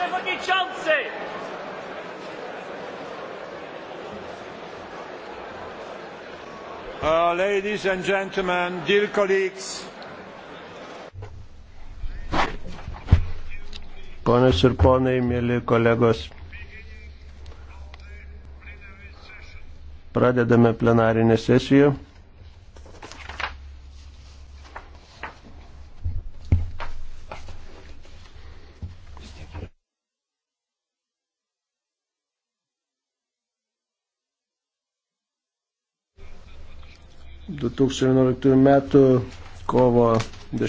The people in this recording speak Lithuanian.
przewodniczący! Uh, ladies and gentlemen, dear colleagues. Ponios ir ponai, mėly kolegos, pradedame plenarinę sesiją. 2011 m. kovo